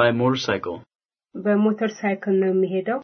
by motorcycle በሞተር ሳይክል ነው የሚሄደው